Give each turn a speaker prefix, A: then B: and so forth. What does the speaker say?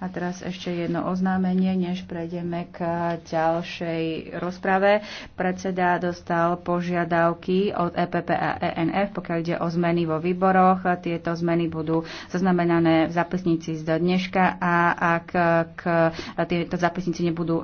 A: A teraz ešte jedno oznámenie, než prejdeme k ďalšej rozprave. Predseda dostal požiadavky od EPP a ENF, pokiaľ ide o zmeny vo výboroch. Tieto zmeny budú zaznamenané v zapisnici z dneška a ak k, tieto zapisnici nebudú